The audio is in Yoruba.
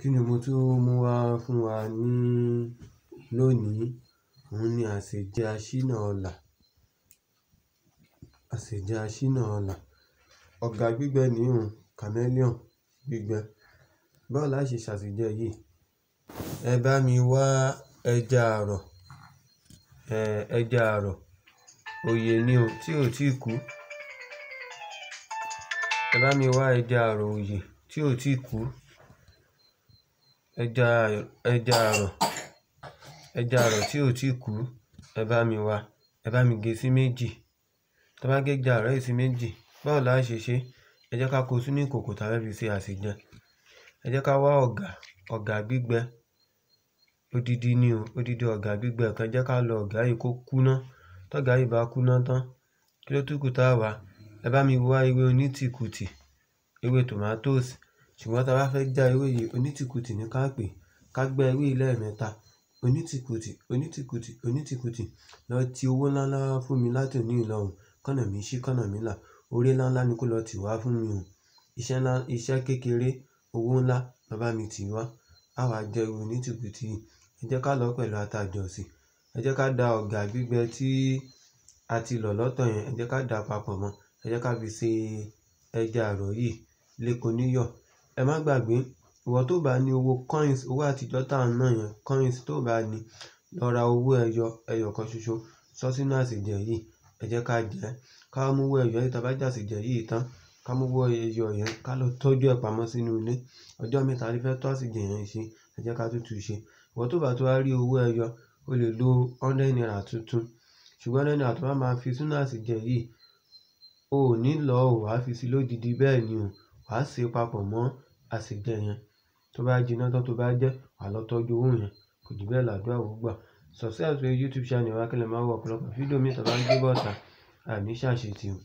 Kí ni mo tún mú wá fún wa ní lónìí? Òun ni àsèjẹ aṣínà ọlà. Àsèjẹ aṣínà ọlà. Ọ̀gà gbígbẹ ní òun, chameleon gbígbẹ. Báwo la ṣe ṣàsèjẹ yìí? Ẹ bá mi wá ẹja àrọ̀, ẹ, ẹja àrọ̀. Oyè ni o, tí ò tí kú. Ẹ bá mi wá ẹja àrọ̀ oyè tí ò tí kú ẹja ẹja àrọ̀ ẹja àrọ̀ tí ò tí kú ẹ bá mi wá ẹ bá mi gé sí méjì tá bá gé ẹja àrọ̀ yìí sí méjì báwo la ṣe ṣe ẹ jẹ́ ká kó sínú ìkòkò tá a fẹ́ fi ṣe àsèjẹ ẹ jẹ́ ká wá ọ̀gà ọ̀gà gbígbẹ odidi ni o odidi ọ̀gà gbígbẹ kan jẹ́ ká lọ ọ̀gà yìí kó kúná tọ́gà yìí bá kúná tán kí ló tún kù tá a wá ẹ bá mi wá ewé onítìkùtì ewé tòmátósì Ṣùgbọ́n tí a bá fẹ́ já ewé yìí, onítìkutì ni ká pè é. Ká gbá ewé yìí lẹ́ẹ̀mẹta, onítìkutì, onítìkutì, onítìkutì, lọ ti owó ńlá ńlá wá fún mi láti òní yìí Kọ́nà mi ṣí, kọ́nà mi là. Oré ńlá ńlá ni kó lọ tì wá fún mi o. Iṣẹ́ ńlá, iṣẹ́ kékeré, owó ńlá, lọ bá mi tì wá. A wá jẹ ewé onítìkutì yìí. Ẹ jẹ́ ká lọ pẹ̀lú ata jọ̀sìn. Ẹ jẹ́ ká da ọ̀gà gbígbẹ tí a ti lọ̀ lọ́tọ̀ yẹn, ẹ jẹ́ ká dà papọ̀ mọ́. Ẹ jẹ́ ká fi ṣe ẹja àrọ̀ yìí lépo níyọ̀. Ẹ má gbàgbé, ìwọ tó bá ní owó coins, owó àtijọ́ tá ń ná yẹn, coins tó bá ní, lọ ra owó ẹyọ, ẹyọ kan ṣoṣo, sọ sínú àsèjẹ yìí, ẹ jẹ́ ká jẹ ẹ́. Ká mú owó ẹyọ yìí, tí a bá jẹ àsèjẹ yìí tán, ká mú owó ẹyọ yẹn, ká lọ tọ́jú ẹ̀ pamọ́ sínú ilé. Ọjọ́ mii ta tí fẹ́ tún àsèjẹ yẹn ṣe, ẹ jẹ́ ká tún tún ṣe. Ìwọ tó bá tún wá rí owó ẹyọ, o lè lo hundred naira tuntun. Ṣùgbọ́n hundred naira tó bá máa fi sínú àsèjẹ yìí, o ò ní lọ ò wá fi sí lódidi bẹ́ẹ̀ ni o, wà ṣe papọ̀ mọ́ àsèjẹ yẹn. Tó bá jiná tán tó bá jẹ́, wà á lọ tọ́jú owó yẹn. Kò jù bẹ́ẹ̀ làdúrà ó gbà. Subscribe sórí YouTube channel wa kí ẹ lè máa wo ọ̀pọ̀lọpọ̀ fídíò míì tí a ń gbé bọ́ta. Àìní ṣàṣetì o.